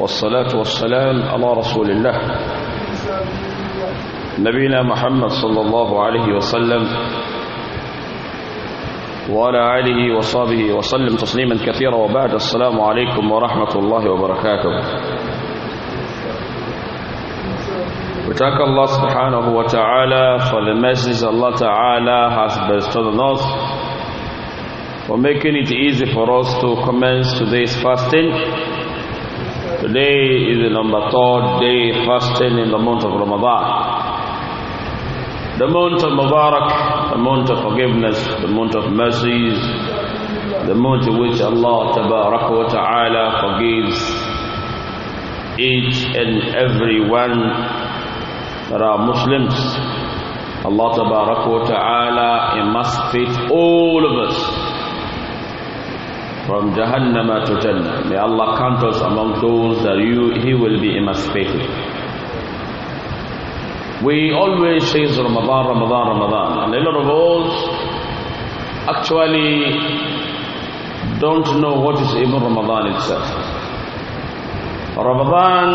والصلاة والسلام على رسول الله نبينا محمد صلى الله عليه وسلم وعلى آله وصحبه وسلم تسليما كثيرا وبعد السلام عليكم ورحمة الله وبركاته We thank Allah subhanahu wa ta'ala for the message Allah ta'ala has bestowed on us for making it easy for us to commence today's fasting Today is the number third day fasting in the month of Ramadan. The month of Mubarak, the month of forgiveness, the month of mercies, the month in which Allah wa Ta'ala forgives each and every one that are Muslims. Allah wa Ta'ala fit all of us from Jahannam to Jannah. May Allah count us among those that you, He will be emancipated. We always say Ramadan, Ramadan, Ramadan. And a lot of us actually don't know what is even Ramadan itself. Ramadan,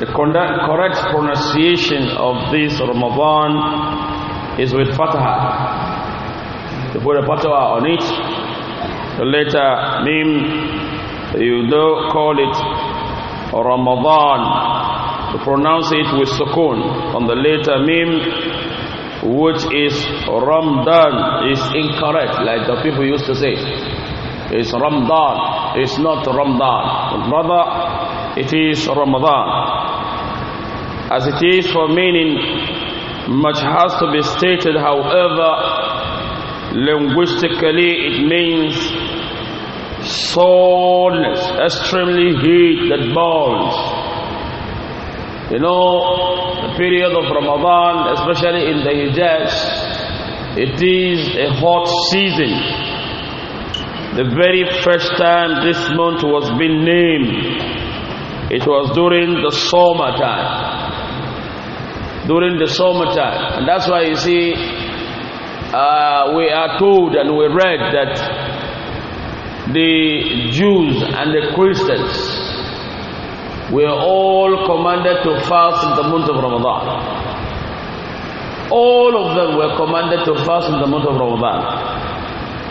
the correct pronunciation of this Ramadan is with fatah. They put a fatah on it the letter Mim, you do call it Ramadan. to pronounce it with sukun on the letter Mim, which is Ramdan, is incorrect, like the people used to say. It's Ramadan, it's not Ramadan. Rather, it is Ramadan. As it is for meaning, much has to be stated however linguistically it means Soreness, extremely heat that burns. You know, the period of Ramadan, especially in the Hijaz, it is a hot season. The very first time this month was being named, it was during the summer time. During the summer time. And that's why you see, uh, we are told and we read that the Jews and the Christians were all commanded to fast in the month of Ramadan. All of them were commanded to fast in the month of Ramadan.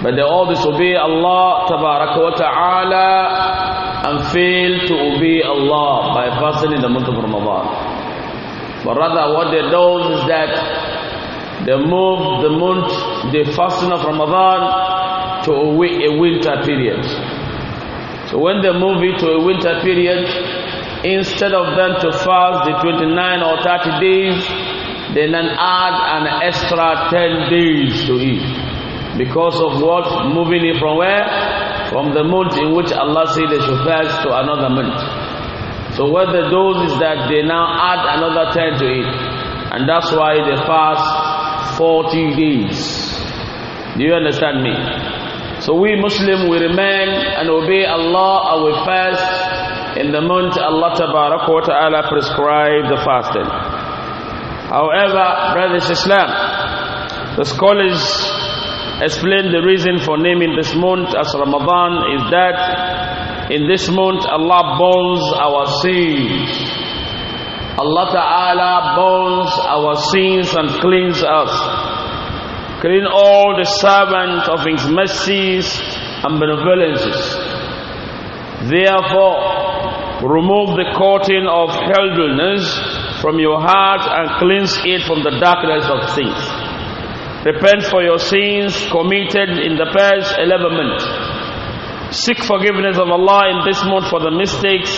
But they all disobey Allah Ta'ala and fail to obey Allah by fasting in the month of Ramadan. But rather what they do is that they move the month, the fasting of Ramadan to a, winter period. So when they move it to a winter period, instead of them to fast the 29 or 30 days, they then add an extra 10 days to it. Because of what? Moving it from where? From the month in which Allah said they should fast to another month. So what they do is that they now add another 10 to it. And that's why they fast 40 days. Do you understand me? So we Muslim, we remain and obey Allah Our fast in the month Allah wa Ta'ala prescribed the fasting. However, brothers Islam, the scholars explain the reason for naming this month as Ramadan is that in this month Allah burns our sins. Allah Ta'ala burns our sins and cleans us. Clean all the servants of His mercies and benevolences. Therefore, remove the coating of helplessness from your heart and cleanse it from the darkness of sins. Repent for your sins committed in the past 11 months. Seek forgiveness of Allah in this month for the mistakes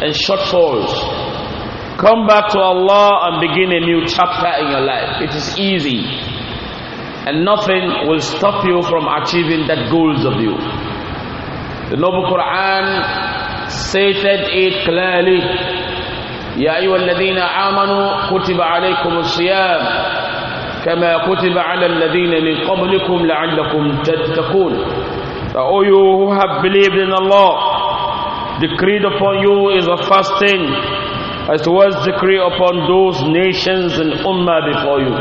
and shortfalls. Come back to Allah and begin a new chapter in your life. It is easy and nothing will stop you from achieving that goals of you. The Noble Quran stated it clearly. يا أيها الذين آمنوا كتب عليكم الصيام كما كتب على الذين من قبلكم لعلكم تتقون so, all you who have believed in Allah decreed upon you is a fasting as was decree upon those nations and ummah before you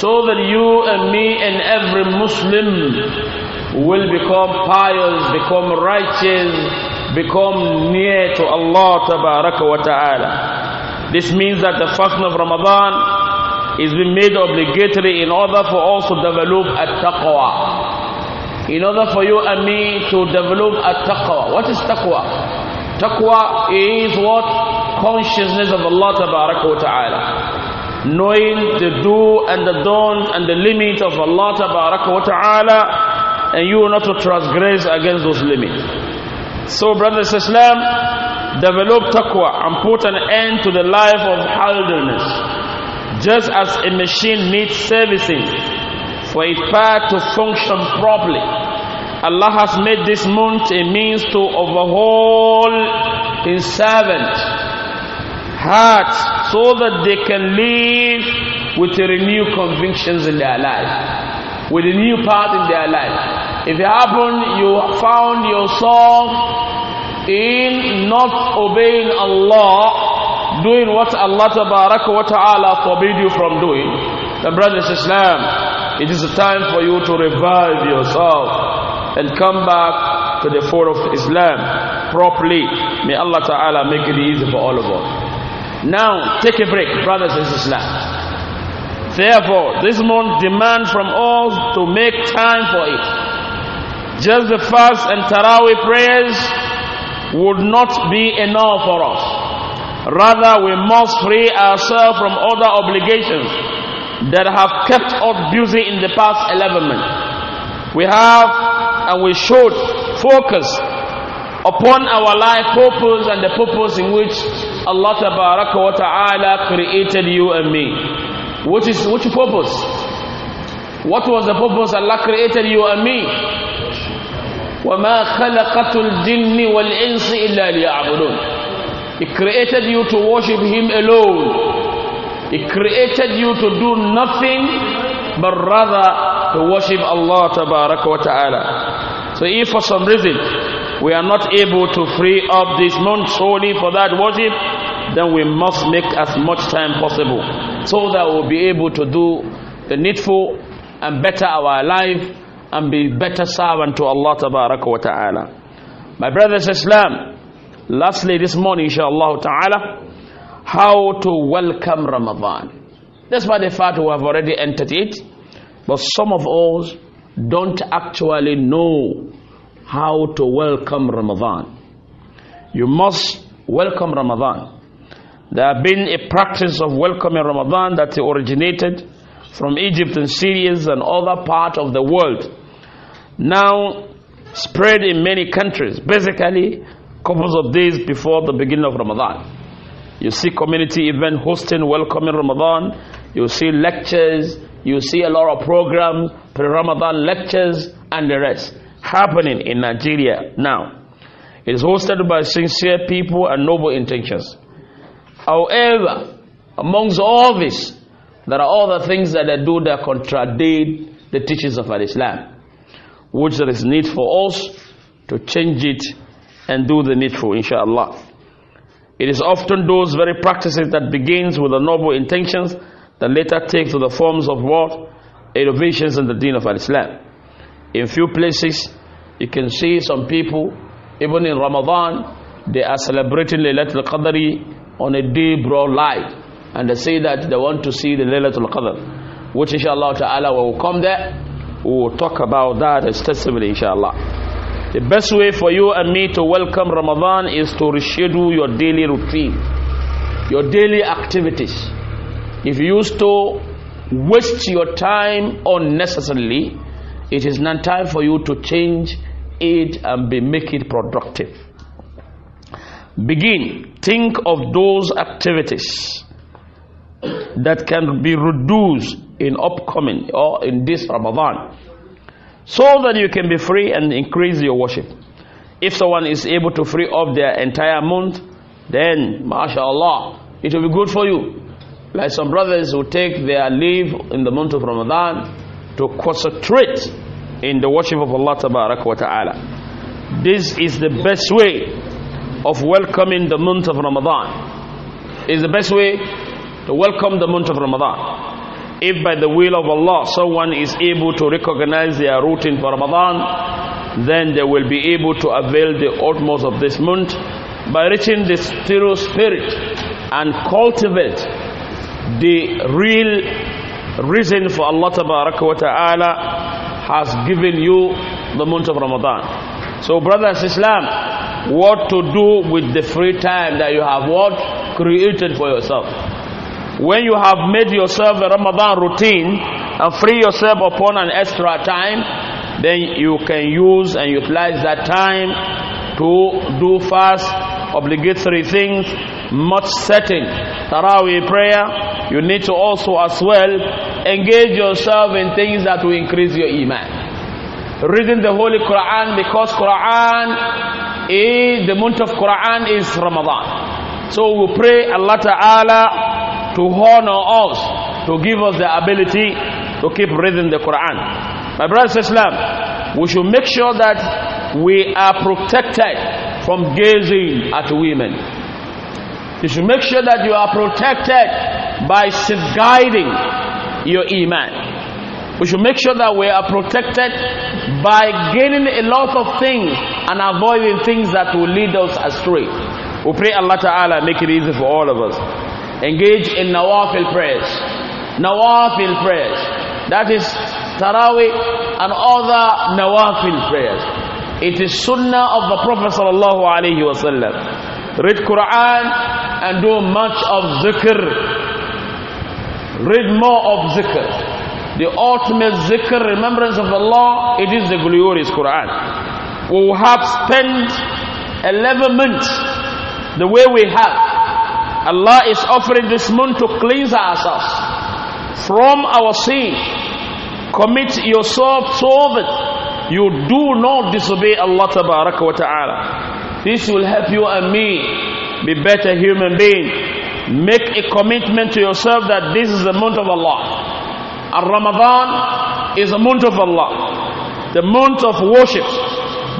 so that you and me and every Muslim will become pious, become righteous, become near to Allah wa ta'ala. This means that the fasting of Ramadan is being made obligatory in order for us to develop a taqwa. In order for you and me to develop a taqwa. What is taqwa? Taqwa is what? Consciousness of Allah wa ta'ala knowing the do and the don't and the limit of Allah ta'ala and you will not to transgress against those limits. So brothers and sisters, develop taqwa and put an end to the life of idleness. Just as a machine needs servicing for its part to function properly, Allah has made this month a means to overhaul His servants hearts so that they can live with renewed convictions in their life, with a new path in their life. If it happened, you found yourself in not obeying Allah, doing what Allah wa ta'ala forbid you from doing, then brothers Islam, it is a time for you to revive yourself and come back to the fold of Islam properly. May Allah Ta'ala make it easy for all of us. Now, take a break, brothers and sisters. Therefore, this month demands from us to make time for it. Just the fast and Taraweeh prayers would not be enough for us. Rather, we must free ourselves from other obligations that have kept us busy in the past 11 months. We have and we should focus upon our life purpose and the purpose in which Allah tabaraka wa ta'ala created you and me. Which is which purpose? What was the purpose Allah created you and me? وَمَا خَلَقَتُ الْجِنِّ وَالْإِنسِ إِلَّا لِيَعْبُدُونَ He created you to worship Him alone. He created you to do nothing but rather to worship Allah tabaraka wa ta'ala. So if for some reason we are not able to free up this month solely for that worship, then we must make as much time possible so that we'll be able to do the needful and better our life and be better servant to Allah wa ta'ala. My brothers Islam, lastly this morning inshallah ta'ala, how to welcome Ramadan. why the fact we have already entered it, but some of us don't actually know how to welcome Ramadan. You must welcome Ramadan. There have been a practice of welcoming Ramadan that originated from Egypt and Syria and other part of the world. Now spread in many countries, basically couples of days before the beginning of Ramadan. You see community event hosting, welcoming Ramadan. You see lectures. You see a lot of programs, pre-Ramadan lectures and the rest happening in Nigeria now. It is hosted by sincere people and noble intentions. However, amongst all this, there are other things that they do that contradict the teachings of Islam, which there is need for us to change it and do the needful, inshallah. It is often those very practices that begins with the noble intentions that later take to the forms of what? Innovations in the deen of Islam in few places you can see some people even in Ramadan they are celebrating Laylatul Qadr on a day broad light and they say that they want to see the Laylatul Qadr which inshallah ta'ala will come there we will talk about that extensively inshallah the best way for you and me to welcome Ramadan is to reschedule your daily routine your daily activities if you used to waste your time unnecessarily it is not time for you to change it and be make it productive begin think of those activities that can be reduced in upcoming or in this ramadan so that you can be free and increase your worship if someone is able to free up their entire month then mashallah it will be good for you like some brothers who take their leave in the month of ramadan to concentrate in the worship of Allah wa ta'ala. This is the best way of welcoming the month of Ramadan. Is the best way to welcome the month of Ramadan. If by the will of Allah someone is able to recognize their routine for Ramadan, then they will be able to avail the utmost of this month by reaching the true spirit and cultivate the real reason for Allah wa ta'ala has given you the month of Ramadan. So brothers Islam, what to do with the free time that you have what created for yourself. When you have made yourself a Ramadan routine and free yourself upon an extra time, then you can use and utilize that time to do fast, obligatory things, much setting, Taraweeh prayer, you need to also as well engage yourself in things that will increase your iman reading the holy quran because quran is the month of quran is ramadan so we pray allah ta'ala to honor us to give us the ability to keep reading the quran my brothers islam we should make sure that we are protected from gazing at women you should make sure that you are protected by guiding your iman. We should make sure that we are protected by gaining a lot of things and avoiding things that will lead us astray. We pray Allah Ta'ala make it easy for all of us. Engage in nawafil prayers. Nawafil prayers. That is Taraweeh and other nawafil prayers. It is sunnah of the Prophet Sallallahu Alaihi Wasallam. Read Quran and do much of zikr Read more of zikr. The ultimate zikr, remembrance of Allah, it is the glorious Quran. We have spent 11 months the way we have. Allah is offering this month to cleanse ourselves from our sin. Commit yourself so that you do not disobey Allah Ta'ala. This will help you and me be better human beings Make a commitment to yourself that this is the month of Allah. Al Ramadan is a month of Allah, the month of worship,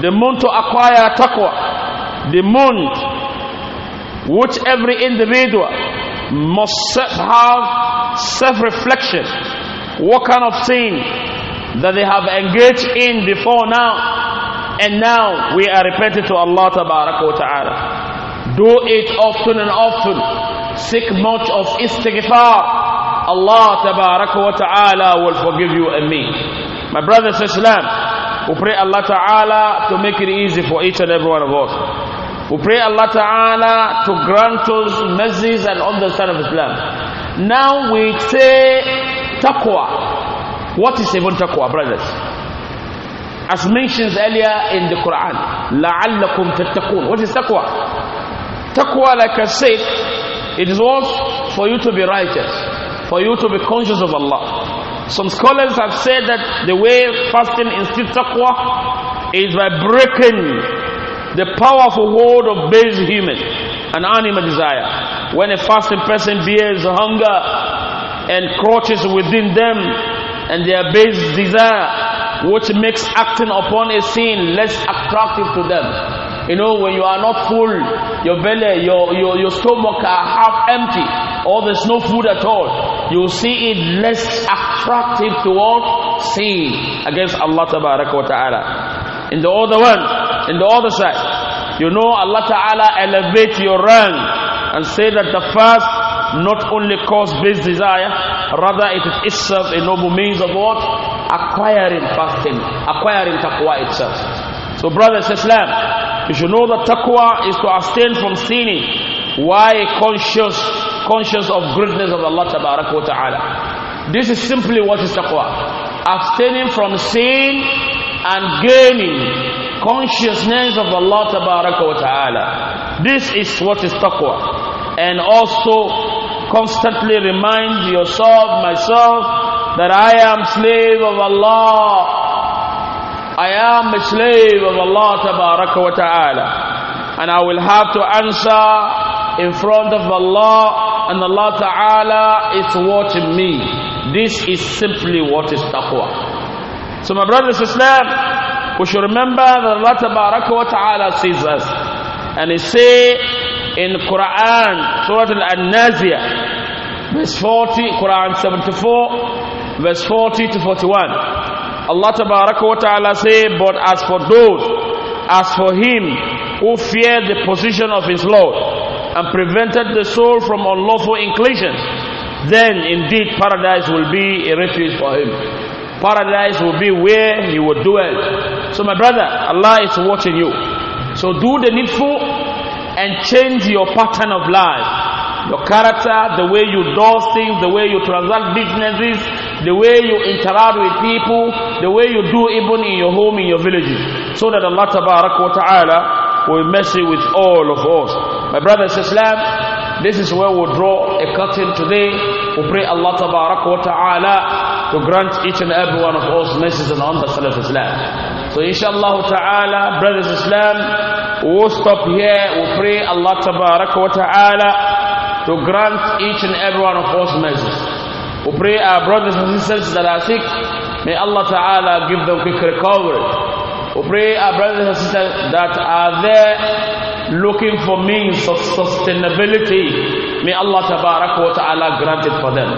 the month to acquire taqwa, the month which every individual must have self reflection. What kind of sin that they have engaged in before now, and now we are repenting to Allah Ta'ala. Do it often and often Seek much of istighfar. Allah tabaraka wa ta'ala will forgive you and me. My brothers and sisters, we pray Allah ta'ala to make it easy for each and every one of us. We pray Allah ta'ala to grant us mercies and understand of Islam. Now we say taqwa. What is even taqwa, brothers? as mentioned earlier in the Quran. لَعَلَّكُمْ تَتَّقُونَ What is taqwa? Taqwa, like I said, it is what? For you to be righteous. For you to be conscious of Allah. Some scholars have said that the way fasting instills taqwa is by breaking the powerful world of base human and animal desire. When a fasting person bears hunger and crouches within them and their base desire, which makes acting upon a sin less attractive to them. You know, when you are not full, your belly, your, your, your stomach are half empty, or there's no food at all, you see it less attractive towards sin against Allah Ta'ala. In the other one, in the other side, you know Allah Ta'ala elevate your rank and say that the fast not only cause base desire, rather it is itself a noble means of what? Acquiring fasting, acquiring taqwa itself. So brothers, Islam, you should know that taqwa is to abstain from sinning. Why conscious, conscious of greatness of Allah Ta'ala. This is simply what is taqwa. Abstaining from sin and gaining consciousness of Allah Ta'ala. This is what is taqwa. And also constantly remind yourself, myself, that I am slave of Allah I am a slave of Allah wa ta'ala and I will have to answer in front of Allah and Allah ta'ala is watching me this is simply what is taqwa so my brothers and sisters we should remember that Allah wa ta'ala sees us and he say in Quran Surah Al-Naziyah verse 40 Quran 74 verse 40 to 41 Allah Ta'ala say, But as for those, as for him who feared the position of his Lord and prevented the soul from unlawful inclinations, then indeed paradise will be a refuge for him. Paradise will be where he will dwell. So, my brother, Allah is watching you. So, do the needful and change your pattern of life. Your character, the way you do things, the way you transact businesses, the way you interact with people, the way you do even in your home, in your villages. So that Allah wa ta'ala will mercy with all of us. My brothers Islam, this is where we we'll draw a curtain today. We pray Allah wa ta'ala to grant each and every one of us mercies and honor. Salaf Islam. So inshallah ta'ala, brothers Islam, we will stop here. We pray Allah wa ta'ala to grant each and every one of us mercy. We pray our brothers and sisters that are sick, may Allah Ta'ala give them quick recovery. We pray our brothers and sisters that are there looking for means of sustainability, may Allah Ta'ala grant it for them.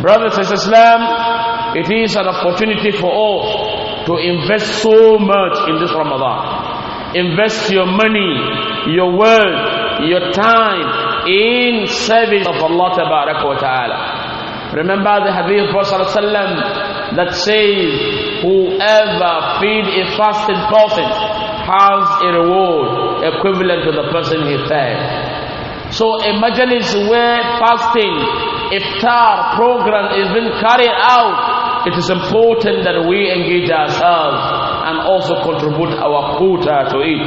Brothers and sisters, Islam, it is an opportunity for all to invest so much in this Ramadan. Invest your money, your wealth, your time, in service of Allah Ta'ala. Remember the hadith of Prophet that says, Whoever feed a fasted person has a reward equivalent to the person he fed. So imagine it's where fasting, iftar program is being carried out, it is important that we engage ourselves and also contribute our quota to it,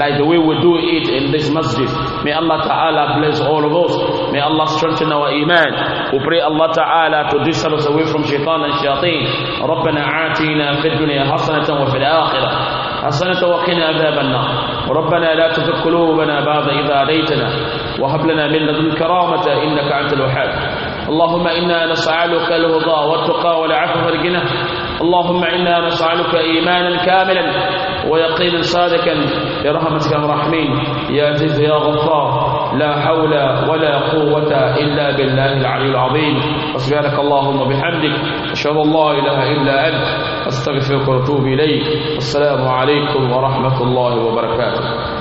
like the way we do it in this masjid. May Allah Ta'ala bless all of us. May Allah strengthen our iman. We pray Allah Ta'ala to distance us away from shaitan and shayateen. ربنا آتنا في الدنيا حسنة وفي الآخرة حسنة وقنا عذاب النار ربنا لا تزغ قلوبنا بعد إذا هديتنا وهب لنا من لدنك كرامة إنك أنت الوهاب اللهم إنا نسألك الهدى والتقى والعفو والغنى اللهم إنا نسألك إيمانا كاملا ويقينا صادقا برحمتك الرحمين يا عزيز يا غفار لا حول ولا قوة إلا بالله العلي العظيم أسبحانك اللهم بحمدك أشهد أن لا إله إلا أنت أستغفرك وأتوب إليك السلام عليكم ورحمة الله وبركاته